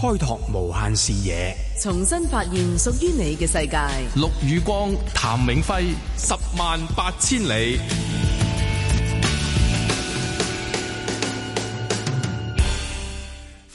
開拓無限視野，重新發現屬於你嘅世界。陸雨光、譚永輝，十萬八千里。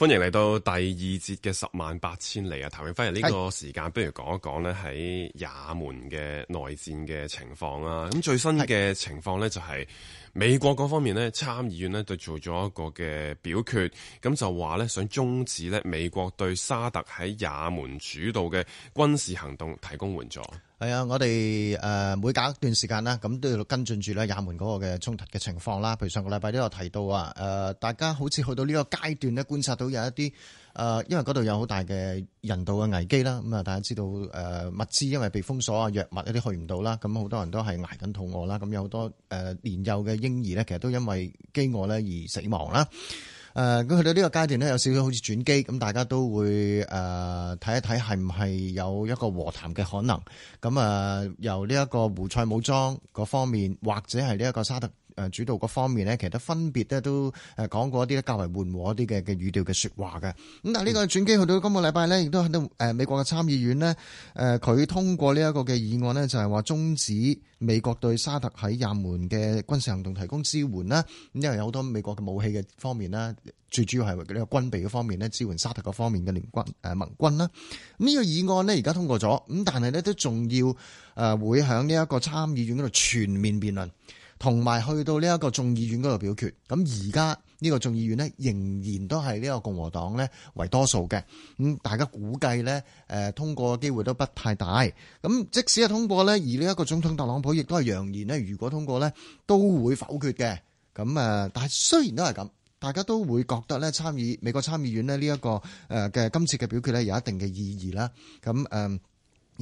歡迎嚟到第二節嘅十萬八千里啊，譚永輝呢、呢個時間，不如講一講呢喺也門嘅內戰嘅情況啦。咁最新嘅情況呢，就係美國嗰方面呢，參議院呢就做咗一個嘅表決，咁就話呢，想終止呢美國對沙特喺也門主導嘅軍事行動提供援助。係啊，我哋誒每隔一段時間啦，咁都要跟進住咧也門嗰個嘅衝突嘅情況啦。譬如上個禮拜都有提到啊，誒大家好似去到呢個階段咧，觀察到有一啲誒，因為嗰度有好大嘅人道嘅危機啦。咁啊，大家知道誒物資因為被封鎖啊，藥物一啲去唔到啦，咁好多人都係挨緊肚餓啦。咁有好多誒年幼嘅嬰兒咧，其實都因為飢餓咧而死亡啦。誒咁去到呢個階段咧，有少少好似轉機，咁大家都會誒睇一睇係唔係有一個和談嘅可能？咁啊，由呢一個胡塞武裝嗰方面，或者係呢一個沙特。誒，主導嗰方面咧，其實都分別咧，都誒講過一啲咧，較為緩和一啲嘅嘅語調嘅說話嘅。咁、嗯、但呢個轉機去到今個禮拜咧，亦都喺到誒美國嘅參議院呢，誒、呃、佢通過呢一個嘅議案呢，就係話終止美國對沙特喺也門嘅軍事行動提供支援啦。咁因為有好多美國嘅武器嘅方面啦，最主要係呢個軍備嘅方面呢，支援沙特嗰方面嘅聯軍誒、呃、盟軍啦。咁、這、呢個議案呢，而家通過咗，咁但係呢都仲要誒會喺呢一個參議院嗰度全面辯論。同埋去到呢一個眾議院嗰度表決，咁而家呢個眾議院呢，仍然都係呢個共和黨呢為多數嘅，咁大家估計呢，誒通過嘅機會都不太大。咁即使係通過呢，而呢一個總統特朗普亦都係揚言呢，如果通過呢，都會否決嘅。咁誒，但係雖然都係咁，大家都會覺得呢，參議美國參議院呢、這個，呢一個誒嘅今次嘅表決呢，有一定嘅意義啦。咁、嗯、誒。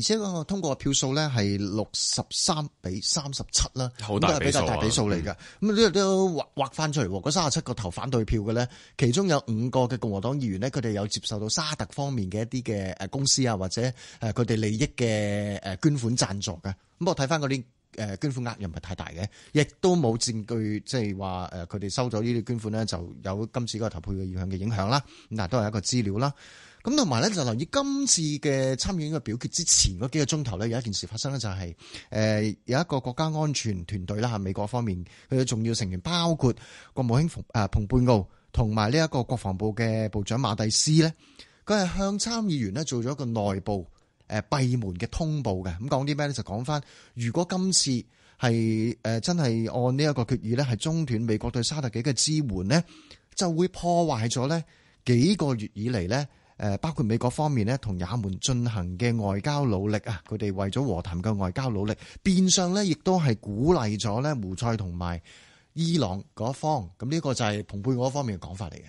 而且個通過票數咧係六十三比三十七啦，都係比較大比數嚟嘅。咁呢啲都畫畫翻出嚟喎。嗰三十七個投反對票嘅咧，其中有五個嘅共和黨議員呢，佢哋有接受到沙特方面嘅一啲嘅誒公司啊，或者誒佢哋利益嘅誒捐款贊助嘅。咁我睇翻嗰啲誒捐款額又唔係太大嘅，亦都冇證據即係話誒佢哋收咗呢啲捐款咧就有今次嗰個投票嘅影響嘅影響啦。嗱，都係一個資料啦。咁同埋咧，就留意今次嘅參議院嘅表決之前嗰幾個鐘頭咧，有一件事發生咧、就是，就係誒有一個國家安全團隊啦，係美國方面佢嘅重要成員，包括國務卿蓬誒蓬佩奧同埋呢一個國防部嘅部長馬蒂斯咧，佢係向參議員呢做咗一個內部誒閉門嘅通報嘅，咁講啲咩咧？就講翻如果今次係誒、呃、真係按呢一個決議咧，係中斷美國對沙特幾嘅支援呢，就會破壞咗呢幾個月以嚟呢。誒包括美國方面咧，同也門進行嘅外交努力啊，佢哋為咗和談嘅外交努力，變相咧亦都係鼓勵咗咧胡塞同埋伊朗嗰一方，咁呢個就係蓬佩奧嗰方面嘅講法嚟嘅。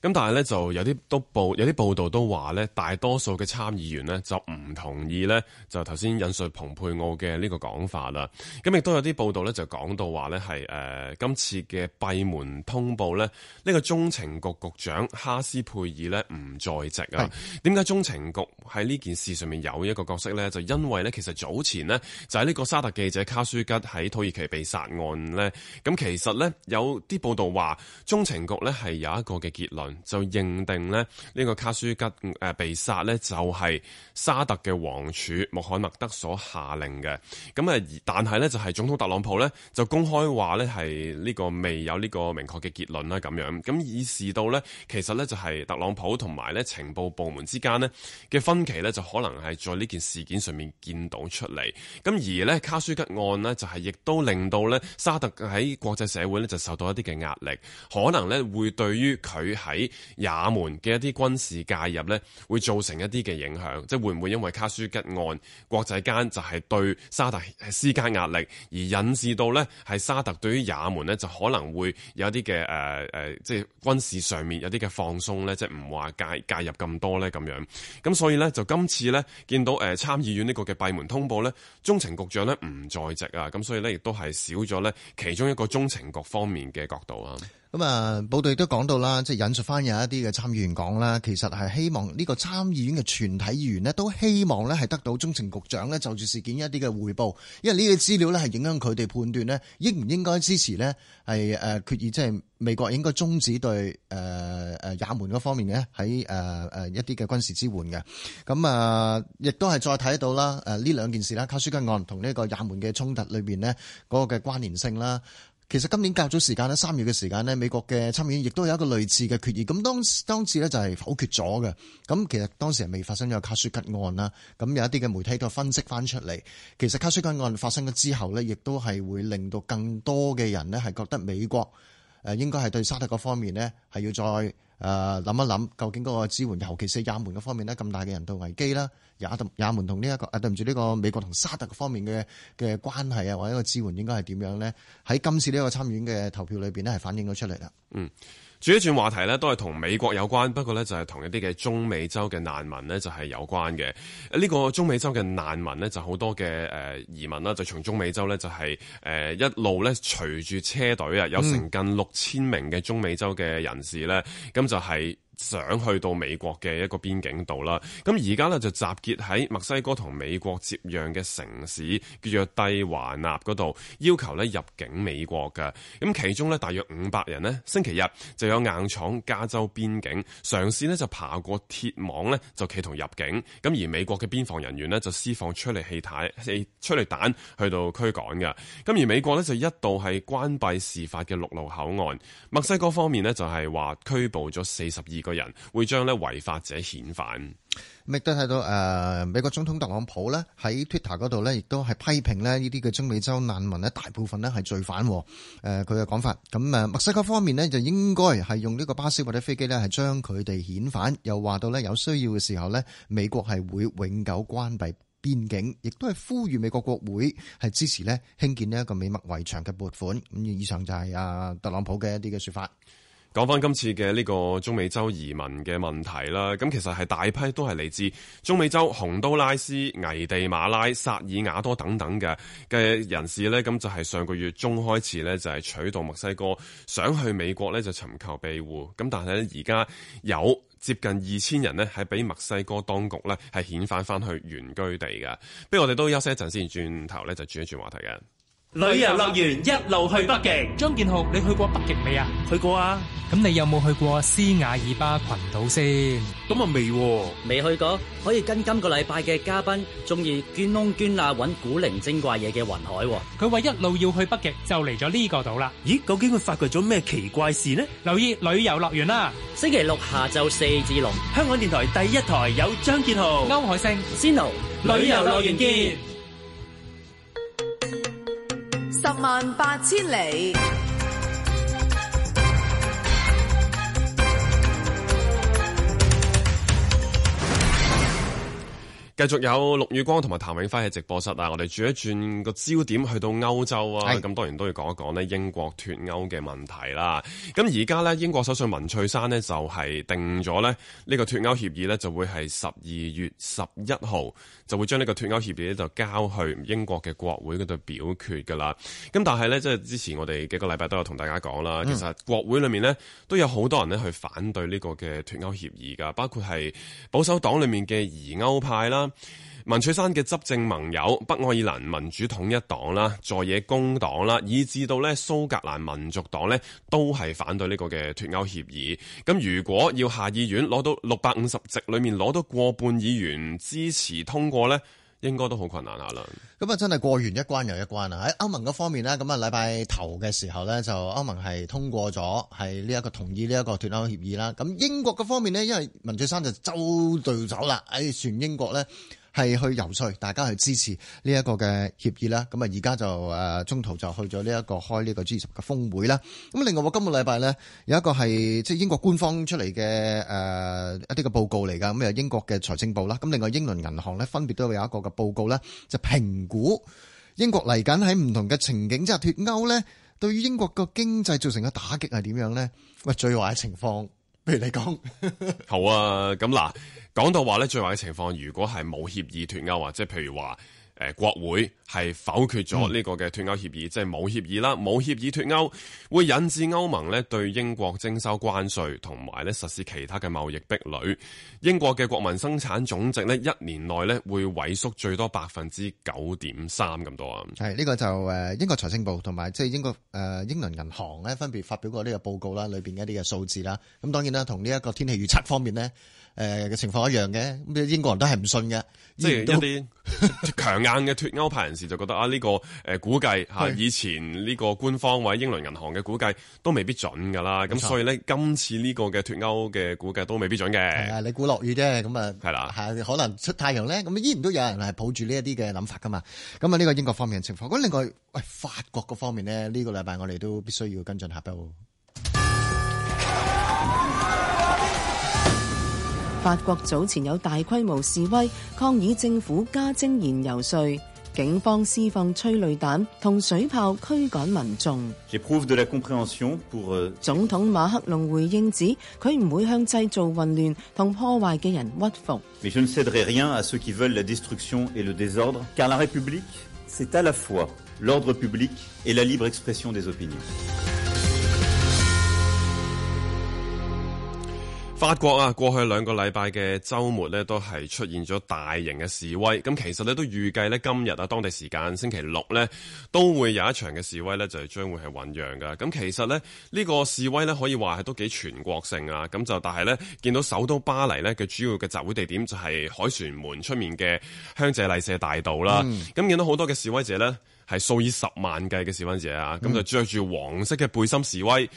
咁但係咧，就有啲都報，有啲報道都話咧，大多數嘅參議員咧就唔同意咧，就頭先引述蓬佩奧嘅呢個講法啦。咁亦都有啲報道咧就講到話咧係誒今次嘅閉門通報咧，呢、這個中情局局長哈斯佩爾咧唔在席啊。點解中情局喺呢件事上面有一個角色咧？就因為咧，其實早前咧就係呢個沙特記者卡舒吉喺土耳其被殺案咧，咁其實咧有啲報道話中情局咧係有一個嘅結論，就認定呢呢、這個卡舒吉誒、呃、被殺呢，就係、是、沙特嘅王儲穆罕默德所下令嘅。咁啊，但係呢，就係、是、總統特朗普呢，就公開話呢係呢個未有呢個明確嘅結論啦咁樣。咁以示到呢，其實呢就係、是、特朗普同埋呢情報部門之間呢嘅分歧呢，就可能係在呢件事件上面見到出嚟。咁而呢，卡舒吉案呢，就係、是、亦都令到呢沙特喺國際社會呢就受到一啲嘅壓力，可能呢會對於佢喺喺也門嘅一啲軍事介入呢，會造成一啲嘅影響，即係會唔會因為卡舒吉案，國際間就係對沙特施加壓力，而引致到呢係沙特對於也門呢，就可能會有一啲嘅誒誒，即係軍事上面有啲嘅放鬆呢，即係唔話介介入咁多呢。咁樣。咁所以呢，就今次呢見到誒參議院呢個嘅閉門通報呢，中情局長呢唔在席啊，咁所以呢，亦都係少咗呢其中一個中情局方面嘅角度啊。咁啊，報道亦都講到啦，即係引述翻有一啲嘅參議員講啦，其實係希望呢個參議院嘅全體議員呢，都希望咧係得到中情局長咧就住事件一啲嘅彙報，因為呢啲資料咧係影響佢哋判斷呢，應唔應該支持呢，係誒決議，即係美國應該終止對呃呃也門嗰方面呢，喺呃一啲嘅軍事支援嘅。咁、呃、啊，亦都係再睇到啦，呢兩件事啦，卡舒吉案同呢個也門嘅衝突裏面呢，嗰、那個嘅關聯性啦。其實今年隔咗時間咧，三月嘅時間咧，美國嘅參議院亦都有一個類似嘅決議，咁當當時咧就係否決咗嘅。咁其實當時係未發生咗卡舒吉案啦。咁有一啲嘅媒體都分析翻出嚟，其實卡舒吉案發生咗之後咧，亦都係會令到更多嘅人咧係覺得美國誒應該係對沙特嗰方面咧係要再。誒諗一諗，究竟嗰個支援，尤其是也門嗰方面咧，咁大嘅人道危機啦，也同也門同呢一個誒、啊，對唔住呢個美國同沙特方面嘅嘅關係啊，或者個支援應該係點樣咧？喺今次呢個參議院嘅投票裏邊咧，係反映咗出嚟啦。嗯。轉一轉話題呢，都係同美國有關，不過呢就係同一啲嘅中美洲嘅難民呢就係有關嘅。呢、這個中美洲嘅難民呢就好多嘅誒、呃、移民啦，就從中美洲呢就係、是、誒、呃、一路呢隨住車隊啊，有成近六千名嘅中美洲嘅人士呢，咁、嗯、就係、是。想去到美國嘅一個邊境度啦，咁而家咧就集結喺墨西哥同美國接壤嘅城市，叫做蒂華納嗰度，要求咧入境美國噶，咁其中咧，大約五百人咧，星期日就有硬闖加州邊境，嘗試咧就爬過鐵網咧，就企圖入境。咁而美國嘅邊防人員咧就施放催淚氣彈，催淚彈去到驅趕噶，咁而美國咧就一度係關閉事發嘅陸路口岸。墨西哥方面咧就係話拘捕咗四十二。個人會將咧違法者遣返，亦都睇到誒、呃，美國總統特朗普咧喺 Twitter 嗰度咧，亦都係批評咧呢啲嘅中美洲難民咧，大部分咧係罪犯的。誒、呃，佢嘅講法，咁誒，墨西哥方面呢，就應該係用呢個巴士或者飛機呢，係將佢哋遣返。又話到咧，有需要嘅時候呢，美國係會永久關閉邊境，亦都係呼籲美國國會係支持咧興建呢一個美墨圍牆嘅撥款。咁以上就係啊特朗普嘅一啲嘅說法。講翻今次嘅呢個中美洲移民嘅問題啦，咁其實係大批都係嚟自中美洲、洪都拉斯、危地馬拉、薩爾瓦多等等嘅嘅人士呢，咁就係上個月中開始呢就係取道墨西哥，想去美國呢就尋求庇護，咁但係呢而家有接近二千人呢係俾墨西哥當局呢係遣返翻去原居地嘅，不如我哋都休息一陣先，轉頭呢就轉一轉話題嘅。旅遊樂園，旅遊樂園一路去北極，張建浩，你去過北極未啊？去過啊！咁你又沒有冇去過斯瓦爾巴群島先？咁啊未？未去過？可以跟今個禮拜嘅嘉賓，中意捐窿捐罅揾古靈精怪嘢嘅雲海，佢話一路要去北極，就嚟咗呢個島啦！咦？究竟佢發掘咗咩奇怪事呢？留意旅遊樂園啦！星期六下晝四至六，香港電台第一台有張建浩、歐海勝、Cino，旅遊樂園見。十萬八千里。繼續有陸宇光同埋譚永輝喺直播室啊！我哋轉一轉個焦點去到歐洲啊，咁當然都要講一講呢英國脫歐嘅問題啦。咁而家呢，英國首相文翠珊呢就係定咗呢呢個脫歐協議呢就會係十二月十一號就會將呢個脫歐協議呢就交去英國嘅國會嗰度表決㗎啦。咁但係呢，即係之前我哋幾個禮拜都有同大家講啦，其實國會裏面呢都有好多人呢去反對呢個嘅脫歐協議㗎，包括係保守黨裏面嘅疑歐派啦。文翠山嘅執政盟友北愛爾蘭民主統一黨啦、在野工黨啦，以至到蘇格蘭民族黨呢，都係反對呢個嘅脫歐協議。咁如果要下議院攞到六百五十席裏面攞到過半議員支持通過呢。應該都好困難下啦。咁啊，真係過完一關又一關啦，喺歐盟嗰方面咧，咁啊，禮拜頭嘅時候咧，就歐盟係通過咗係呢一個同意呢一個脫歐協議啦。咁英國嗰方面咧，因為文翠珊就周圍走啦，喺、哎、全英國咧。係去遊說大家去支持呢一個嘅協議啦，咁啊，而家就誒中途就去咗呢一個開呢個 G20 嘅峰會啦。咁另外我今個禮拜呢有一個係即係英國官方出嚟嘅誒一啲嘅報告嚟噶，咁啊英國嘅財政部啦，咁另外英倫銀行咧分別都會有一個嘅報告咧，就評估英國嚟緊喺唔同嘅情景之下脫歐咧，對於英國個經濟造成嘅打擊係點樣咧？喂，最壞嘅情況。譬如你講， 好啊，咁嗱，講到話咧最壞嘅情況，如果係冇協議脫歐或者譬如話。誒，國會係否決咗呢個嘅脫歐協議，嗯、即係冇協議啦，冇協議脫歐會引致歐盟咧對英國徵收關稅，同埋咧實施其他嘅貿易壁壘。英國嘅國民生產總值咧一年內咧會萎縮最多百分之九點三咁多啊！係呢、這個就誒英國財政部同埋即係英國誒、呃、英倫銀行咧分別發表過呢個報告啦，裏邊嘅一啲嘅數字啦。咁當然啦，同呢一個天氣預測方面咧。誒、呃、嘅情況一樣嘅，英國人都係唔信嘅，即係一啲強硬嘅脱歐派人士就覺得 啊，呢、呢個誒估計、啊、以前呢個官方或者英倫銀行嘅估計都未必準㗎啦。咁所以咧，今次呢個嘅脱歐嘅估計都未必準嘅。係啊，你估落雨啫，咁啊係啦，可能出太陽咧，咁依然都有人係抱住呢一啲嘅諗法噶嘛。咁啊，呢個英國方面嘅情況，咁另外喂、哎、法國嗰方面咧，呢、呢個禮拜我哋都必須要跟進下。法國早前有大規模示威，抗議政府加徵燃油稅，警方施放催淚彈同水炮驅趕民眾。總統馬克龍回應指，佢唔會向製造混亂同破壞嘅人屈服。法國啊，過去兩個禮拜嘅周末呢，都係出現咗大型嘅示威。咁其實呢，都預計呢，今日啊，當地時間星期六呢，都會有一場嘅示威呢，就係將會係醞釀噶。咁其實呢，呢、呢個示威呢，可以話係都幾全國性啊。咁就但係呢，見到首都巴黎呢，嘅主要嘅集會地點就係凱旋門出面嘅香榭麗舍大道啦。咁、嗯啊、見到好多嘅示威者呢。係數以十萬計嘅示威者啊，咁、嗯、就着住黃色嘅背心示威，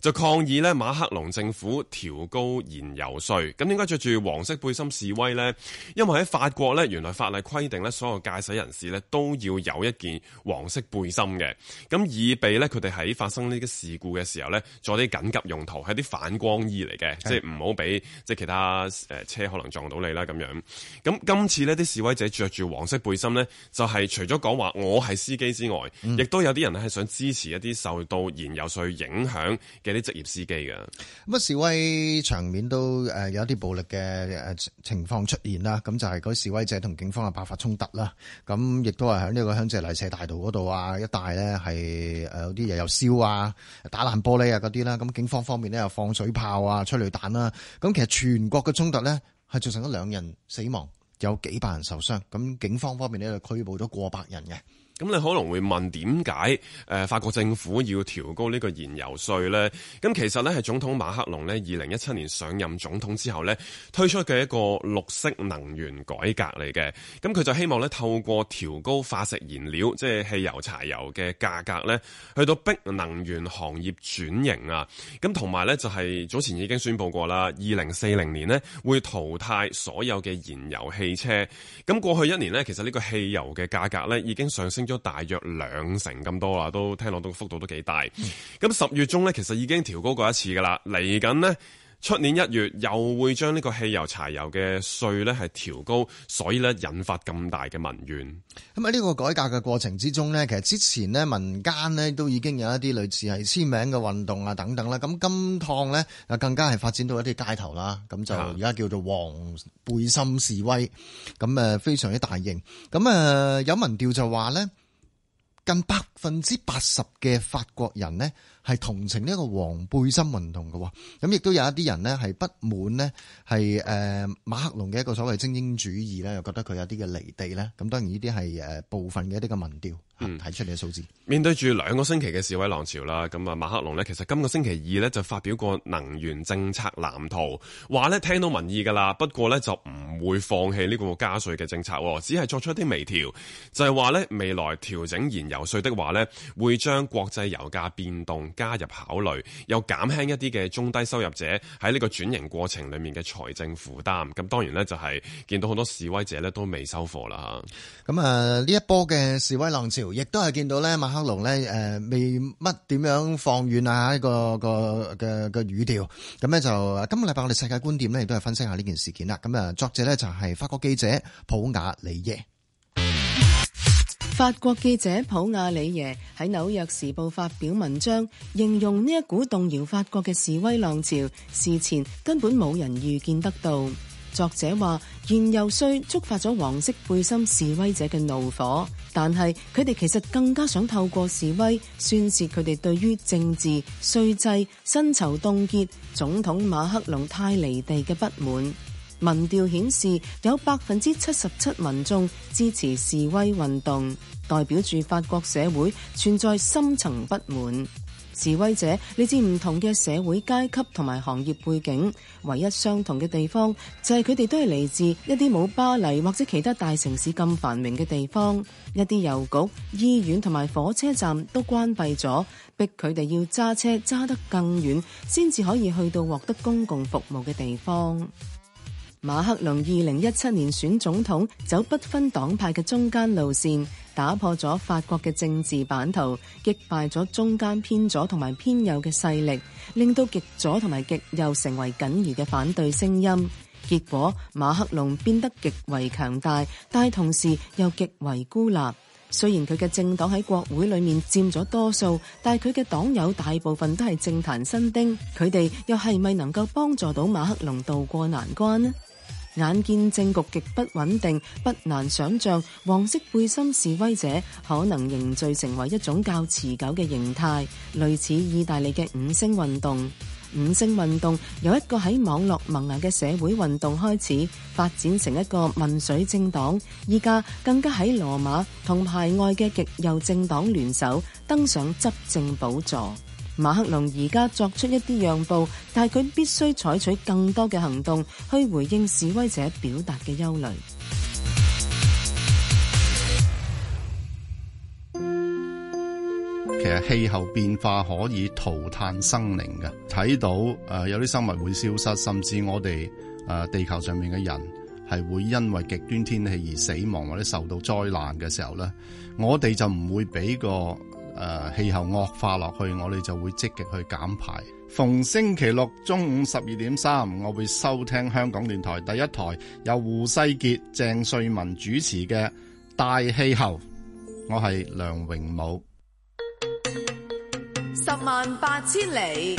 就抗議咧馬克龍政府調高燃油稅。咁點解着住黃色背心示威呢？因為喺法國呢，原來法例規定呢，所有駕駛人士呢都要有一件黃色背心嘅。咁以備呢，佢哋喺發生呢啲事故嘅時候呢，做啲緊急用途，係啲反光衣嚟嘅，即係唔好俾即其他誒車可能撞到你啦咁樣。咁今次呢啲示威者着住黃色背心呢，就係除咗講話我係司。之外，亦都有啲人咧係想支持一啲受到燃油稅影響嘅啲職業司機嘅。咁示威場面都誒有一啲暴力嘅情況出現啦。咁就係嗰示威者同警方嘅爆發衝突啦。咁亦都係喺呢個香榭麗舍大道嗰度啊一帶咧係誒有啲嘢有燒啊打爛玻璃啊嗰啲啦。咁警方方面咧又放水炮啊催淚彈啦。咁其實全國嘅衝突咧係造成咗兩人死亡，有幾百人受傷。咁警方方面咧就拘捕咗過百人嘅。咁你可能會問點解？誒法國政府要調高呢個燃油稅咧？咁其實咧係總統馬克龍咧，二零一七年上任總統之後咧，推出嘅一個綠色能源改革嚟嘅。咁佢就希望咧透過調高化石燃料，即係汽油、柴油嘅價格咧，去到逼能源行業轉型啊。咁同埋咧就係早前已經宣布過啦，二零四零年咧會淘汰所有嘅燃油汽車。咁過去一年咧，其實呢個汽油嘅價格咧已經上升。都大約兩成咁多啦，都聽落都幅度都幾大。咁十月中呢，其實已經調高過一次噶啦。嚟緊呢，出年一月又會將呢個汽油、柴油嘅稅呢係調高，所以呢引發咁大嘅民怨。咁啊，呢個改革嘅過程之中呢，其實之前呢民間呢都已經有一啲類似係簽名嘅運動啊等等啦。咁今趟呢，啊更加係發展到一啲街頭啦，咁就而家叫做黃背心示威，咁啊非常之大型。咁啊有民調就話呢。近百分之八十嘅法國人呢，係同情呢一個黃背心運動嘅，咁亦都有一啲人呢係不滿呢，係誒馬克龍嘅一個所謂精英主義咧，又覺得佢有啲嘅離地呢。咁當然呢啲係誒部分嘅一啲嘅民調嚇提、嗯、出嚟嘅數字。面對住兩個星期嘅示威浪潮啦，咁啊馬克龍呢，其實今個星期二呢就發表過能源政策藍圖，話呢：「聽到民意噶啦，不過呢就唔會放棄呢個加稅嘅政策，只係作出一啲微調，就係話呢，未來調整燃油稅的話呢，會將國際油價變動，加入考慮，又減輕一啲嘅中低收入者喺呢個轉型過程裡面嘅財政負擔。咁當然呢，就係見到好多示威者呢都未收貨啦。咁啊，呢一波嘅示威浪潮，亦都係見到咧，馬克龍呢誒，未乜點樣放軟啊呢個個嘅嘅語調。咁呢，就今個禮拜我哋世界觀點呢，亦都係分析下呢件事件啦。咁啊，作者呢就係法國記者普瓦里耶。法國記者普瓦里耶喺《紐約時報》發表文章，形容呢一股動搖法國嘅示威浪潮，事前根本冇人預見得到。作者話，燃油稅觸發咗黃色背心示威者嘅怒火，但係佢哋其實更加想透過示威宣泄佢哋對於政治、稅制、薪酬凍結、總統馬克龍太離地嘅不滿。民調顯示有百分之七十七民眾支持示威運動，代表住法國社會存在深層不滿。示威者嚟自唔同嘅社會階級同埋行業背景，唯一相同嘅地方就係佢哋都係嚟自一啲冇巴黎或者其他大城市咁繁榮嘅地方。一啲郵局、醫院同埋火車站都關閉咗，逼佢哋要揸車揸得更遠，先至可以去到獲得公共服務嘅地方。馬克龍二零一七年選總統，走不分黨派嘅中間路線，打破咗法國嘅政治版圖，擊敗咗中間偏左同埋偏右嘅勢力，令到極左同埋極右成為僅餘嘅反對聲音。結果，馬克龍變得極為強大，但係同時又極為孤立。雖然佢嘅政黨喺國會裏面佔咗多數，但係佢嘅黨友大部分都係政壇新丁，佢哋又係咪能夠幫助到馬克龍渡過難關呢？眼見政局極不穩定，不難想象黃色背心示威者可能凝聚成為一種較持久嘅形態，類似意大利嘅五星運動。五星運動由一個喺網絡萌芽嘅社會運動開始發展成一個民粹政黨，依家更加喺羅馬同排外嘅極右政黨聯手登上執政寶座。馬克龍而家作出一啲讓步，但係佢必須採取更多嘅行動去回應示威者表達嘅憂慮。其實氣候變化可以塗炭生靈嘅，睇到誒有啲生物會消失，甚至我哋誒地球上面嘅人係會因為極端天氣而死亡或者受到災難嘅時候咧，我哋就唔會俾個。誒氣候惡化落去，我哋就會積極去減排。逢星期六中午十二點三，我會收聽香港電台第一台，由胡世傑、鄭瑞文主持嘅《大氣候》。我係梁榮武，十萬八千里。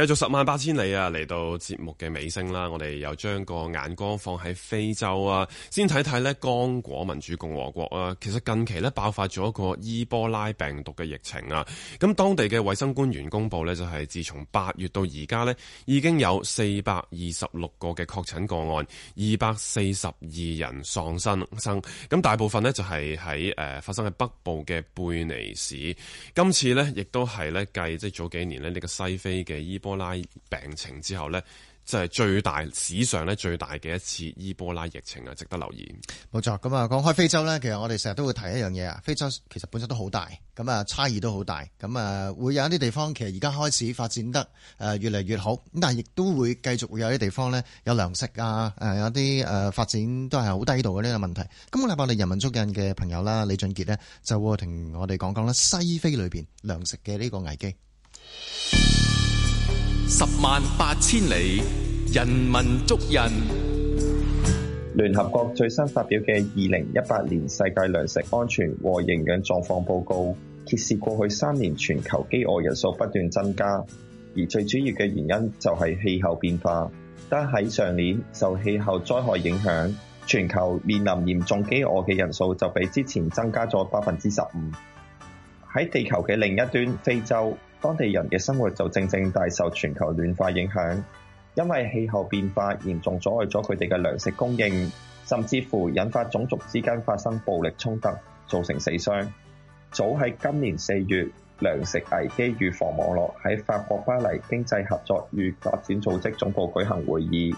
繼續十萬八千里啊，嚟到節目嘅尾聲啦，我哋又將個眼光放喺非洲啊，先睇睇呢剛果民主共和國啊，其實近期呢，爆發咗一個伊波拉病毒嘅疫情啊，咁當地嘅衛生官員公布呢，就係、是、自從八月到而家呢，已經有四百二十六個嘅確診個案，二百四十二人喪生，生咁大部分呢，就係喺誒發生喺北部嘅貝尼市，今次呢，亦都係呢計即係早幾年呢，呢、呢個西非嘅伊波。波拉病情之後呢，就係最大史上最大嘅一次伊波拉疫情啊，值得留意。冇錯咁啊，講開非洲呢，其實我哋成日都會提一樣嘢啊。非洲其實本身都好大，咁啊，差異都好大。咁啊，會有一啲地方其實而家開始發展得誒越嚟越好，咁但係亦都會繼續會有啲地方呢，有糧食啊誒，有啲誒發展都係好低度嘅呢個問題。咁我禮拜，我哋人文足印嘅朋友啦，李俊杰呢，就會同我哋講講啦西非裏邊糧食嘅呢個危機。十萬八千里，人文足印。聯合國最新發表嘅《二零一八年世界糧食安全和營養狀況報告》揭示，過去三年全球飢餓人數不斷增加，而最主要嘅原因就係氣候變化。但喺上年受氣候災害影響，全球面臨嚴重飢餓嘅人數就比之前增加咗百分之十五。喺地球嘅另一端，非洲。當地人嘅生活就正正大受全球暖化影響，因為氣候變化嚴重阻礙咗佢哋嘅糧食供應，甚至乎引發種族之間發生暴力衝突，造成死傷。早喺今年四月，糧食危機預防網絡喺法國巴黎經濟合作與發展組織總部舉行會議，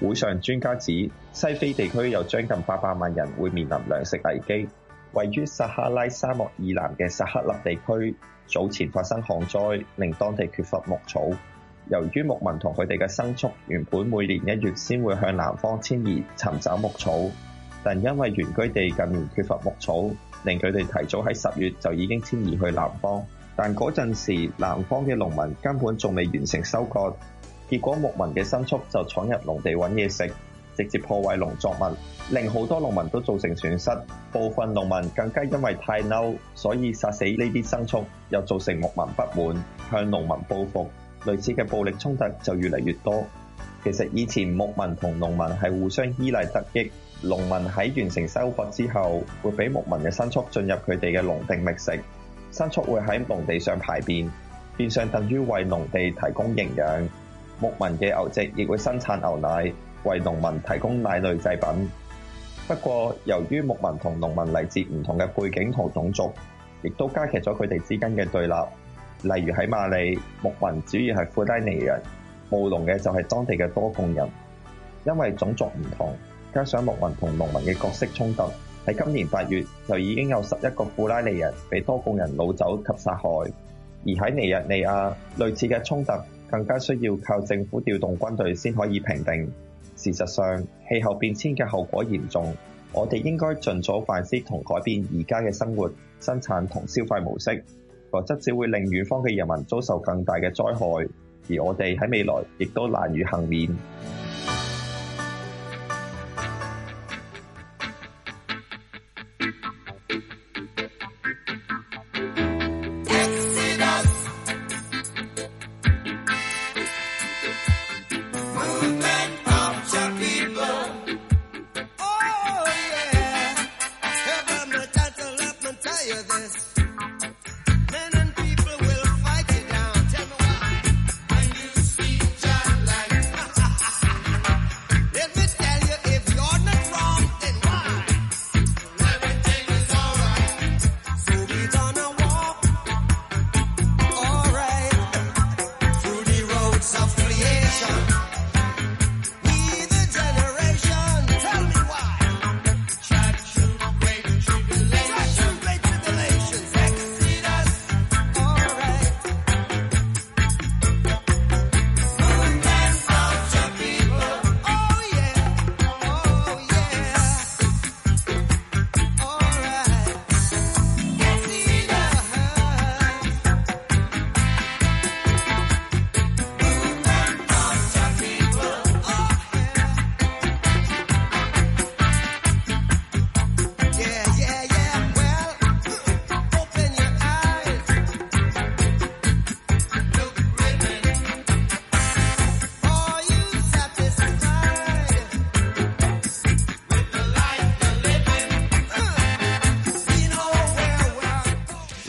會上專家指，西非地區有將近八百萬人會面臨糧食危機。位於撒哈拉沙漠以南嘅薩赫勒地區，早前發生旱災，令當地缺乏牧草。由於牧民同佢哋嘅牲畜原本每年一月先會向南方遷移尋找牧草，但因為原居地近年缺乏牧草，令佢哋提早喺十月就已經遷移去南方。但嗰陣時候，南方嘅農民根本仲未完成收割，結果牧民嘅牲畜就闖入農地搵嘢食。直接破壞農作物，令好多農民都造成損失。部分農民更加因為太嬲，所以殺死呢啲牲畜，又造成牧民不滿，向農民報復。類似嘅暴力衝突就越嚟越多。其實以前牧民同農民係互相依賴得益，農民喺完成收穫之後，會俾牧民嘅牲畜進入佢哋嘅農地覓食，牲畜會喺農地上排便，變相等於為農地提供營養。牧民嘅牛隻亦會生產牛奶。為農民提供奶類製品。不過，由於牧民同農民嚟自唔同嘅背景同種族，亦都加劇咗佢哋之間嘅對立。例如喺馬里，牧民主要係富拉尼人，務農嘅就係當地嘅多貢人。因為種族唔同，加上牧民同農民嘅角色衝突，喺今年八月就已經有十一個富拉尼人被多貢人擄走及殺害。而喺尼日利亞，類似嘅衝突更加需要靠政府調動軍隊先可以平定。事實上，氣候變遷嘅後果嚴重，我哋應該盡早反思同改變而家嘅生活、生產同消費模式，否則只會令遠方嘅人民遭受更大嘅災害，而我哋喺未來亦都難以幸免。.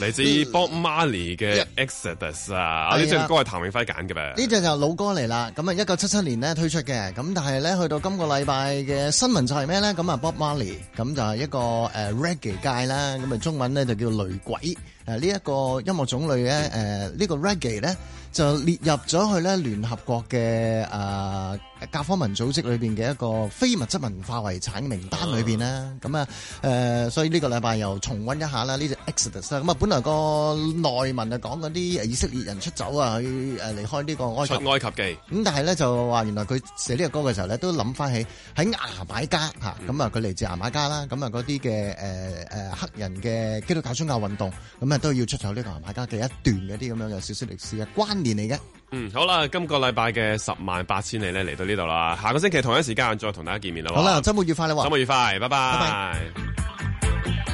嚟自 Bob Marley 嘅 Exodus、yeah. 啊，呢隻歌係譚永輝揀嘅咩？呢隻、啊、就老歌嚟啦，咁啊一九七七年咧推出嘅，咁但係咧去到今個禮拜嘅新聞就係咩咧？咁啊 Bob Marley 咁就係一個誒、呃、Reggae 界啦，咁啊中文咧就叫雷鬼。誒呢一個音樂種類咧，誒、啊、呢、呢個 reggae 咧就列入咗去咧聯合國嘅誒教科文組織裏面嘅一個非物質文化遺產嘅名單裏面啦。咁啊誒、啊，所以呢個禮拜又重溫一下啦呢隻 Exodus 啊。咁啊，本來個內文啊講嗰啲以色列人出走啊，去誒離開呢個埃及。出埃及記。咁但係咧就話原來佢寫呢個歌嘅時候咧都諗翻起喺牙買加嚇，咁啊佢嚟自牙買加啦，咁啊嗰啲嘅黑人嘅基督教宗教運動咁。都要出走呢個買家第一段嗰啲咁樣，有少少歷史嘅關聯嚟嘅。嗯，好啦，今個禮拜嘅十萬八千里咧嚟到呢度啦，下個星期同一時間再同大家見面啦。好啦，周末愉快啦，周末愉快，拜拜。拜拜拜拜。